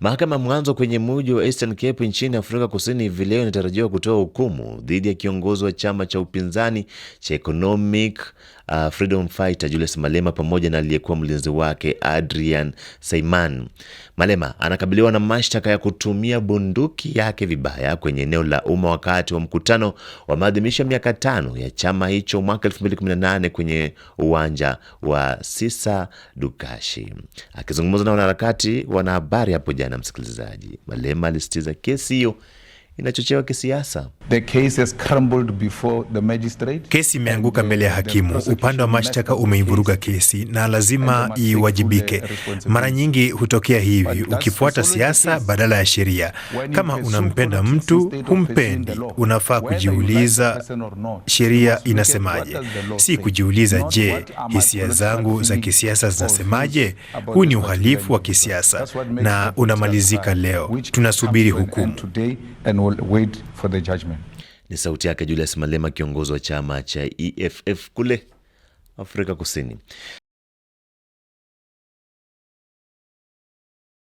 Mahakama mwanzo kwenye mji wa Eastern Cape nchini Afrika Kusini hivi leo inatarajiwa kutoa hukumu dhidi ya kiongozi wa chama cha upinzani cha Economic uh, Freedom Fighter Julius Malema pamoja na aliyekuwa mlinzi wake Adrian Saiman. Malema anakabiliwa na mashtaka ya kutumia bunduki yake vibaya kwenye eneo la umma wakati wa mkutano wa maadhimisho ya miaka tano ya chama hicho mwaka 2018 kwenye uwanja wa Sisa Dukashi. Akizungumza na wanaharakati wanahabari hapo jana jana, msikilizaji. Malema alisitiza kesi hiyo inachochewa kisiasa The case has crumbled before the magistrate. Kesi imeanguka mbele ya hakimu. Upande wa mashtaka umeivuruga kesi na lazima iwajibike. Mara nyingi hutokea hivi, ukifuata siasa badala ya sheria. Kama unampenda mtu, humpendi, unafaa kujiuliza sheria inasemaje, si kujiuliza je, hisia zangu za kisiasa zinasemaje? Huu ni uhalifu wa kisiasa na unamalizika leo. Tunasubiri hukumu for the judgment. Ni sauti yake Julius Malema, kiongozi wa chama cha EFF kule Afrika Kusini.